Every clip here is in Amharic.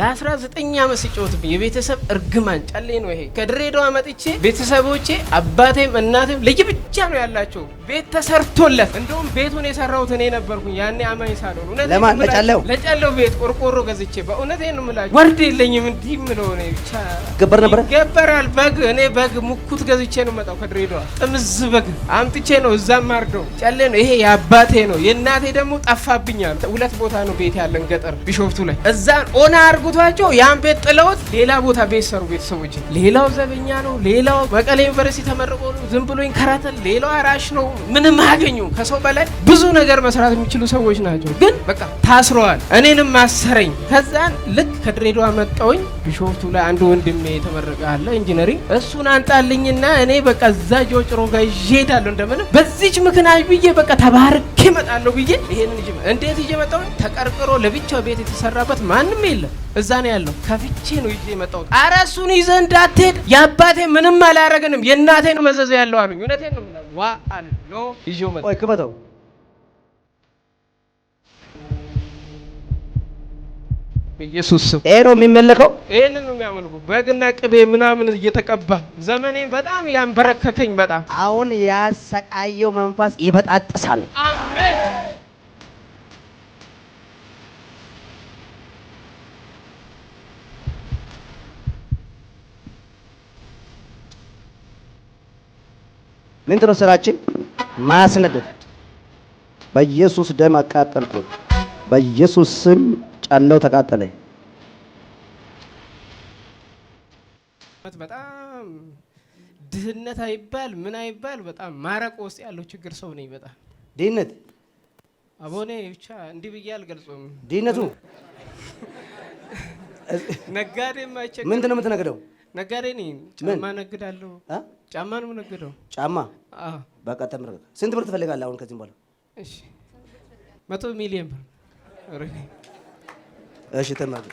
ለ19 ዓመት ሲጮትብኝ የቤተሰብ እርግማን ጨሌ ነው ይሄ። ከድሬዳዋ መጥቼ ቤተሰቦቼ አባቴም እናቴም ልጅ ብቻ ነው ያላቸው። ቤት ተሰርቶለት እንደውም ቤቱን የሰራሁት እኔ ነበርኩኝ። ያኔ አማኝ ሳልሆን እውነት ለማን ለጨለው ለጨለው ቤት ቆርቆሮ ገዝቼ በእውነት ነው ምላጭ ወርድ የለኝም እንዲህ ምለው ነው ብቻ ገበር ነበር ገበራል በግ እኔ በግ ሙኩት ገዝቼ ነው መጣው ከድሬዳዋ ጥምዝ በግ አምጥቼ ነው እዛም አርደው ጨሌ ነው ይሄ የአባቴ ነው። የእናቴ ደግሞ ጠፋብኛል። ሁለት ቦታ ነው ቤት ያለን ገጠር ቢሾፍቱ ላይ እዛ ኦና አርጉቷቸው ያን ቤት ጥለውት ሌላ ቦታ ቤት ሰሩ ቤተሰቦች። ሌላው ዘበኛ ነው፣ ሌላው መቀሌ ዩኒቨርሲቲ ተመርቆ ነው ዝም ብሎ ይንከራተል፣ ሌላው አራሽ ነው ምንም አያገኙም። ከሰው በላይ ብዙ ነገር መስራት የሚችሉ ሰዎች ናቸው። ግን በቃ ታስረዋል። እኔንም አሰረኝ። ከዛን ልክ ከድሬዳዋ መጣውኝ ቢሾፍቱ ላይ አንድ ወንድሜ የተመረቀ አለ ኢንጂነሪንግ። እሱን አንጣልኝና እኔ በቃ እዛ ጆጭሮ ጋር ይሄዳለሁ እሄዳለሁ እንደምንም በዚች ምክንያት ብዬ በቃ ተባርኬ እመጣለሁ ብዬ ይሄንን እንዴት ይዤ መጣሁ? ተቀርቅሮ ለብቻው ቤት የተሰራበት ማንም የለም እዛ ነው ያለው። ከፍቼ ነው ይዤ የመጣሁት። ኧረ እሱን ይዘህ እንዳትሄድ የአባቴ ምንም አላረግንም የእናቴ ነው መዘዘ ያለው አሉኝ። እውነቴን ነው ዋ አሎ ይዤው መጣሁ። ቆይ ክፈተው ኢየሱስ ስም ይሄ ነው የሚመለከው። ይህንን ነው የሚያመልኩ በግና ቅቤ ምናምን እየተቀባ ዘመኔን በጣም ያንበረከከኝ። በጣም አሁን ያሰቃየው መንፈስ ይበጣጥሳል። አሜን ምንድን ነው ስራችን? ማስነደድ። በኢየሱስ ደም አቃጠልኩት። በኢየሱስ ስም ጫነው ተቃጠለ። በጣም ድህነት አይባል ምን አይባል በጣም ማረቆ ውስጥ ያለው ችግር ሰው ነኝ። በጣም ድህነት አቦኔ ብቻ እንዲህ ብዬ አልገልጾም። ድህነቱ ነጋዴ ማይቸ ምንድን ነው የምትነግደው? ነጋዴ ነኝ። ጫማ ነግዳለሁ። ጫማ ነው ነግደው። ጫማ በቃ ተምር። ስንት ብር ትፈልጋለህ አሁን ከዚህም በኋላ? እሺ መቶ ሚሊዮን ብር። እሺ ተምር።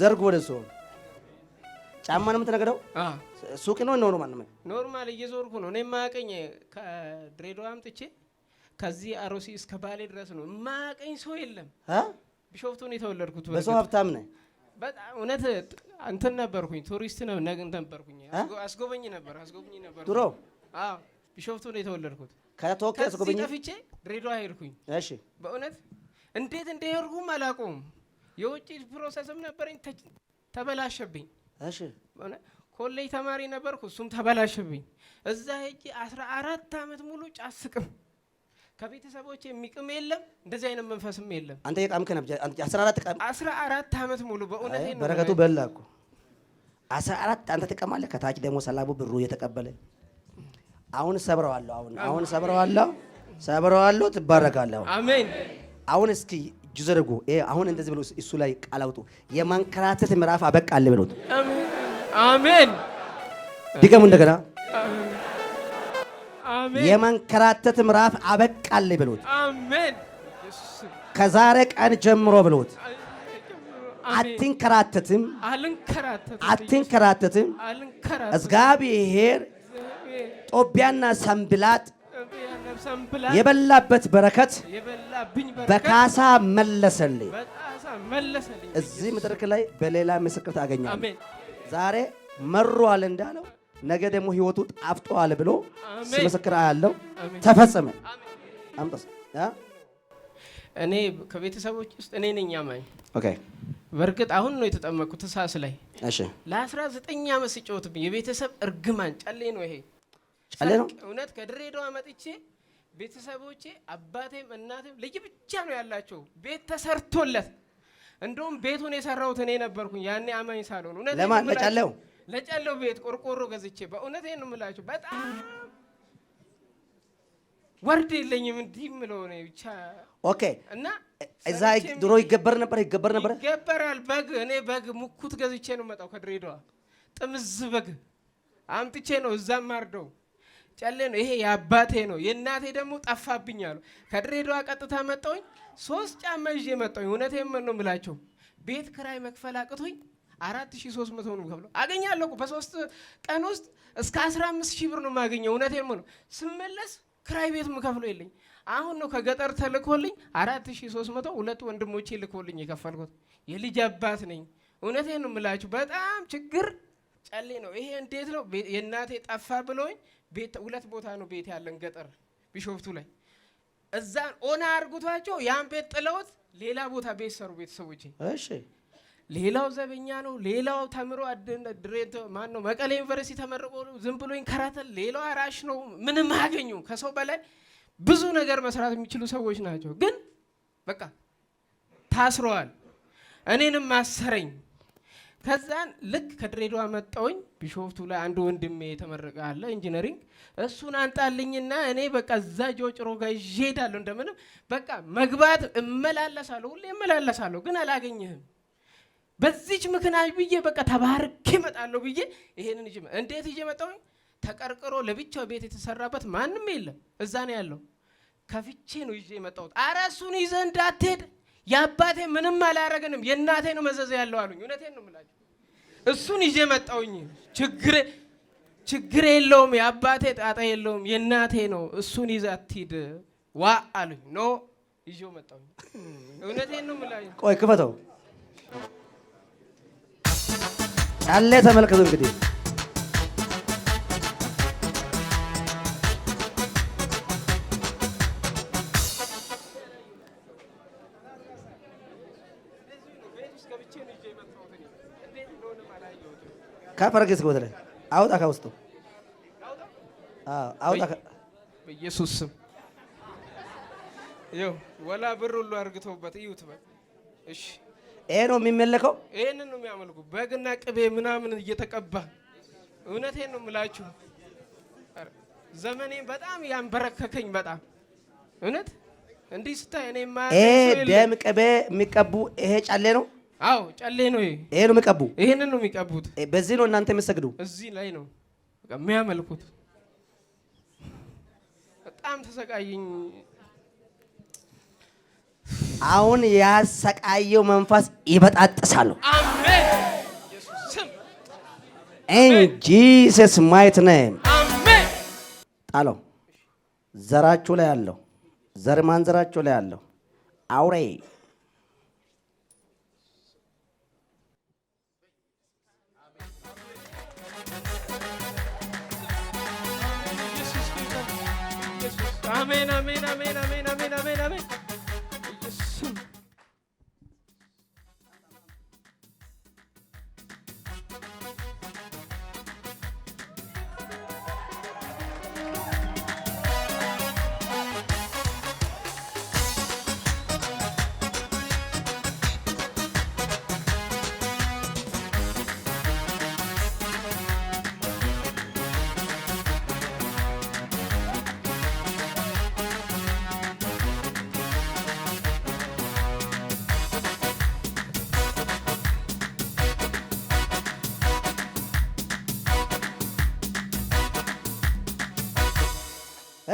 ዘርግ ወደ ሰው ጫማ ነው የምትነግደው? ሱቅ ነው ኖርማል ነው? ኖርማል እየዞርኩ ነው። እኔ የማያውቀኝ ከድሬዳዋ አምጥቼ ከዚህ አሮሲ እስከ ባሌ ድረስ ነው የማያውቀኝ ሰው የለም። ቢሾፍቱን የተወለድኩት በሰው ሀብታም ነህ እውነት እንትን ነበርኩኝ፣ ቱሪስት ነበርኩኝ። አስጎበኝ ነበር አስጎብኝ ነበር ድሮ። አዎ ቢሾፍቱ ነው የተወለድኩት። ከቶኪ አስጎብኝ ጠፍቼ ድሬዳዋ ሄድኩኝ። እሺ በእውነት እንዴት እንደሄድኩም አላውቀውም። የውጭ ፕሮሰስም ነበረኝ፣ ተበላሸብኝ። እሺ ኮሌጅ ተማሪ ነበርኩ፣ እሱም ተበላሸብኝ። እዛ ሄጄ አስራ አራት አመት ሙሉ ጫስቅም ከቤተሰቦች የሚቅም የለም እንደዚህ አይነት መንፈስም የለም። አንተ የቃምክ ነበር 14 ቀን አራት አመት ሙሉ በእውነት ነው። በረከቱ በላ እኮ አራት አንተ ትቀማለህ። ከታች ደግሞ ሰላቡ ብሩ እየተቀበለ አሁን ሰብረዋለሁ። አሁን አሁን ሰብረዋለሁ፣ ሰብረዋለሁ። ትባረካለሁ። አሜን። አሁን እስኪ እጅ ዘርጉ። አሁን እንደዚህ ብሎ እሱ ላይ ቃል አውጡ። የማንከራተት ምዕራፍ አበቃልህ ብሎት አሜን። ድገሙ እንደገና የመንከራተት ምዕራፍ አበቃል ብሎት ከዛሬ ቀን ጀምሮ ብሎት አትንከራተትም፣ አትንከራተትም። እግዚአብሔር ጦቢያና ሰንብላጥ የበላበት በረከት በካሳ መለሰልኝ። እዚህ ምድርክ ላይ በሌላ ምስክር ታገኛለህ። ዛሬ መሯል እንዳለው ነገ ደግሞ ህይወቱ ጣፍጧል ብሎ ምስክር ያለው ተፈጸመ። አምጣስ እኔ ከቤተሰቦች ውስጥ እኔ ነኝ አማኝ። ኦኬ በእርግጥ አሁን ነው የተጠመቁ እሳስ ላይ እሺ። ለ19 ዓመት ሲጮትብኝ የቤተሰብ እርግማን ጨሌ ነው ይሄ ጨሌ ነው። እውነት ከድሬዳዋ መጥቼ ቤተሰቦቼ አባቴም እናቴም ልጅ ብቻ ነው ያላቸው። ቤት ተሰርቶለት እንደውም ቤቱን የሰራሁት እኔ ነበርኩኝ ያኔ አማኝ ሳልሆን እውነት ለማን ለጨሌው ለጨለው ቤት ቆርቆሮ ገዝቼ በእውነት ነው የምላችሁ። በጣም ወርድ የለኝም እንዲህ የምለው ነው ብቻ። ኦኬ። እና እዛ ድሮ ይገበር ነበር ይገበር ነበር ይገበራል። በግ እኔ በግ ሙኩት ገዝቼ ነው መጣው ከድሬዳዋ ጥምዝ በግ አምጥቼ ነው እዛም ማርደው ጨሌ ነው ይሄ የአባቴ ነው። የእናቴ ደግሞ ጠፋብኝ አሉ። ከድሬዳዋ ቀጥታ መጣውኝ ሶስት ጫማ ይዤ መጣሁኝ። እውነቴን ነው የምላቸው። ቤት ክራይ መክፈል አቅቶኝ አራት ሺህ ሶስት መቶ ነው ከብሎ አገኛለሁ። በሶስት ቀን ውስጥ እስከ አስራ አምስት ሺህ ብር ነው የማገኘው። እውነቴን ነው። ስመለስ ክራይ ቤት ምከፍሎ የለኝ። አሁን ነው ከገጠር ተልኮልኝ አራት ሺህ ሶስት መቶ ሁለት ወንድሞቼ ልኮልኝ የከፈልኩት። የልጅ አባት ነኝ። እውነቴ ነው የምላችሁ። በጣም ችግር ጨሌ ነው ይሄ። እንዴት ነው የእናቴ ጠፋ ብለውኝ፣ ሁለት ቦታ ነው ቤት ያለን ገጠር ቢሾፍቱ ላይ እዛን ኦና አርጉቷቸው ያን ቤት ጥለውት ሌላ ቦታ ቤት ሰሩ ቤተሰቦቼ። እሺ ሌላው ዘበኛ ነው። ሌላው ተምሮ ድሬት ማን ነው መቀሌ ዩኒቨርሲቲ ተመርቆ ዝም ብሎ ይንከራተል። ሌላው አራሽ ነው። ምንም አያገኙም። ከሰው በላይ ብዙ ነገር መስራት የሚችሉ ሰዎች ናቸው። ግን በቃ ታስረዋል። እኔንም አሰረኝ። ከዛን ልክ ከድሬዳዋ መጣውኝ ቢሾፍቱ ላይ አንድ ወንድሜ የተመረቀ አለ ኢንጂነሪንግ። እሱን አንጣልኝና እኔ በቃ እዛ ጆጭሮ ጋር ይዤ እሄዳለሁ። እንደምንም በቃ መግባት እመላለሳለሁ፣ ሁሌ እመላለሳለሁ። ግን አላገኘህም በዚች ምክንያት ብዬ በቃ ተባርኬ እመጣለሁ ብዬ ይሄንን ይዤ እንዴት ይዤ መጣሁኝ? ተቀርቅሮ ለብቻው ቤት የተሰራበት ማንም የለም እዛ ነው ያለው። ከፍቼ ነው ይዤ የመጣሁት። ኧረ እሱን ይዘህ እንዳትሄድ የአባቴ ምንም አላረገንም የእናቴ ነው መዘዘ ያለው አሉኝ። እውነቴን ነው የምላቸው። እሱን ይዤ መጣሁኝ። ችግሬ ችግር የለውም የአባቴ ጣጣ የለውም የእናቴ ነው። እሱን ይዘህ አትሂድ ዋ አሉኝ። ኖ ይዤው መጣሁኝ። እውነቴን ነው የምላቸው። ቆይ ክፈተው ጫሌ ተመልከቱ እንግዲህ ከፈርጌስ ጎት አውጣ ከውስጡ አውጣ በኢየሱስ ስም ይኸው ወላ ብር ሁሉ አርግቶበት እዩት። እሺ ይሄ ነው የሚመለከው። ይሄንን ነው የሚያመልኩ በግና ቅቤ ምናምን እየተቀባ እውነቴን ነው የምላችሁ። ዘመኔ በጣም ያንበረከከኝ በጣም እውነት እንዲህ ስታይ እኔ ማ ደም ቅቤ የሚቀቡ ይሄ ጫሌ ነው። አዎ ጫሌ ነው። ይሄ ነው የሚቀቡ። ይህንን ነው የሚቀቡት። በዚህ ነው እናንተ የምትሰግዱ። እዚህ ላይ ነው የሚያመልኩት። በጣም ተሰቃየኝ። አሁን ያሰቃየው መንፈስ ይበጣጥሳሉ። አሜን። ኢን ጂሰስ ማይት ኔም አሜን። ጣለው። ዘራችሁ ላይ አለው። ዘር ማንዘራችሁ ላይ አለው። አውሬ አሜን አሜን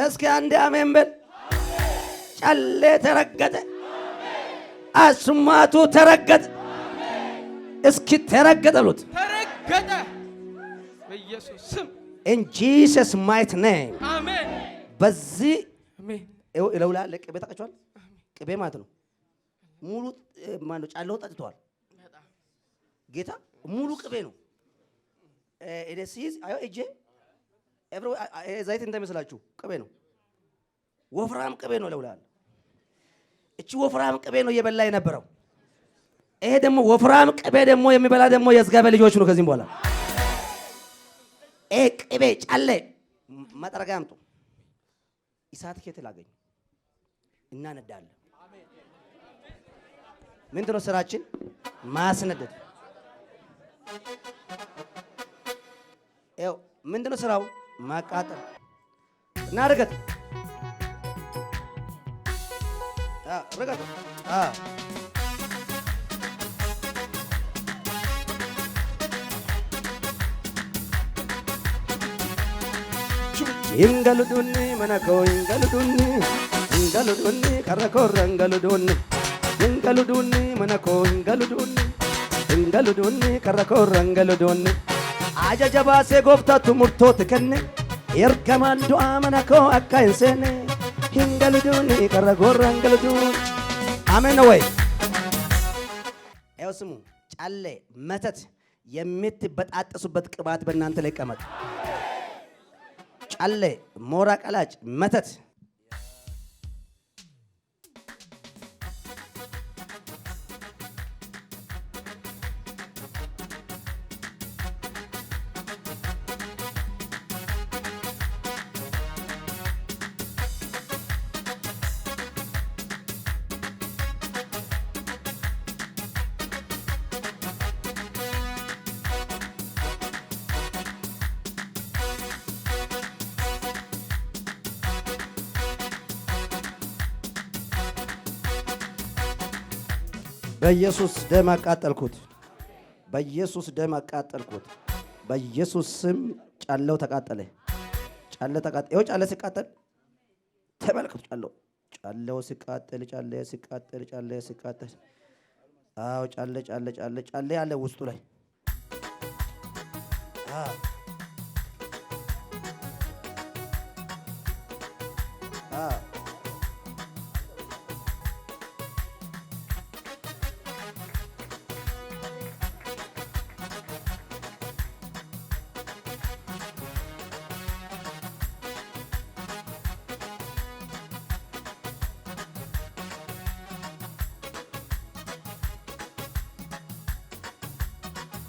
እስኪ አንድ አሜን በል። ጨሌ ተረገጠ፣ አስማቱ ተረገጠ። እስኪ ተረገጠ ብሎት ተረገጠ። በኢየሱስ ስም ኢን ጂሰስ ማይት ኔም አሜን። በዚህ ለውላ ቅቤ ታውቃችኋል። ቅቤ ማለት ነው ሙሉ ማነው ጫለው ጠጥተዋል። ጌታ ሙሉ ቅቤ ነው። እኔ ሲይዝ አየው እጄ ዘይት እንደሚመስላችሁ ቅቤ ነው፣ ወፍራም ቅቤ ነው። ለውላል እቺ ወፍራም ቅቤ ነው እየበላ የነበረው። ይሄ ደግሞ ወፍራም ቅቤ ደግሞ የሚበላ ደግሞ የዝጋበ ልጆች ነው። ከዚህም በኋላ ይሄ ቅቤ ጫለ መጠረጋ አምጡ። እሳት ኬት ላገኝ እናነዳለን። ምንድነው ነው ስራችን? ማስነደድ። ው ምንድነው ነው ስራው? ማቃጠል እና ርቀት ርቀት ಹಿಂಗಲುದುನ್ನಿ ಮನಕೋ ಹಿಂಗಲುದುನ್ನಿ ಹಿಂಗಲುದುನ್ನಿ ಕರ್ರಕೋರ್ರ ಹಿಂಗಲುದುನ್ನಿ ಹಿಂಗಲುದುನ್ನಿ ಮನಕೋ ಹಿಂಗಲುದುನ್ನಿ ಹಿಂಗಲುದುನ್ನಿ ಕರ್ರಕೋರ್ರ ಹಿಂಗಲುದುನ್ನಿ ajaja baasee gooftaattu murtoota kenne ergamaan du'aa mana koo akka hin seenne hin galduuni qarra gorra hin galduuni. አሜን ወይ ይኸው ስሙ ጨሌ መተት የምትበጣጠሱበት ቅባት በእናንተ ላይ ቀመጥ። ጨሌ ሞራ ቀላጭ መተት በኢየሱስ ደም አቃጠልኩት። በኢየሱስ ደም አቃጠልኩት። በኢየሱስ ስም ጫለው ተቃጠለ። ጫለ ተቃጠለ። ይኸው ጫለ ሲቃጠል ተመልከቱ። ጫለው ጫለው ሲቃጠል ጫለ ሲቃጠል ጫለ ሲቃጠል አዎ ጫለ ጫለ ጫለ ጫለ ያለ ውስጡ ላይ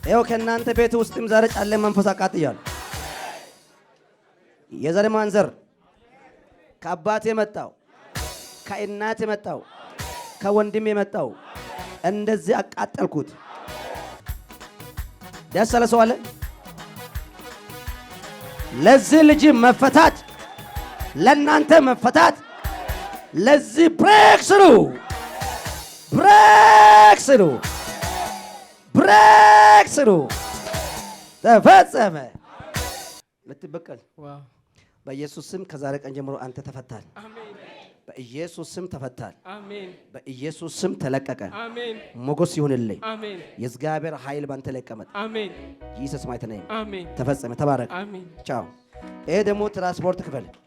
ይኸው ከእናንተ ቤት ውስጥም ዛሬ ጫለ መንፈስ አቃጥያል። የዘር ማንዘር ከአባት የመጣው ከእናት የመጣው ከወንድም የመጣው እንደዚህ አቃጠልኩት። ደስ ያለ ሰው አለ? ለዚህ ልጅ መፈታት፣ ለእናንተ መፈታት፣ ለዚህ ብሬክ ስሩ፣ ብሬክ ስሩ። ብሬክ ስሩ ተፈጸመ። ልትበቀል በኢየሱስ ስም ከዛሬ ቀን ጀምሮ አንተ ተፈታል። በኢየሱስ ስም ተፈታል። በኢየሱስ ስም ተለቀቀ። ሞገስ ይሁንልኝ። የእግዚአብሔር ኃይል ባንተ ላይ ቀመጥ። ይህ ተስማይተና ተፈጸመ። ተባረክ። ቻው። ይሄ ደግሞ ትራንስፖርት ክፍል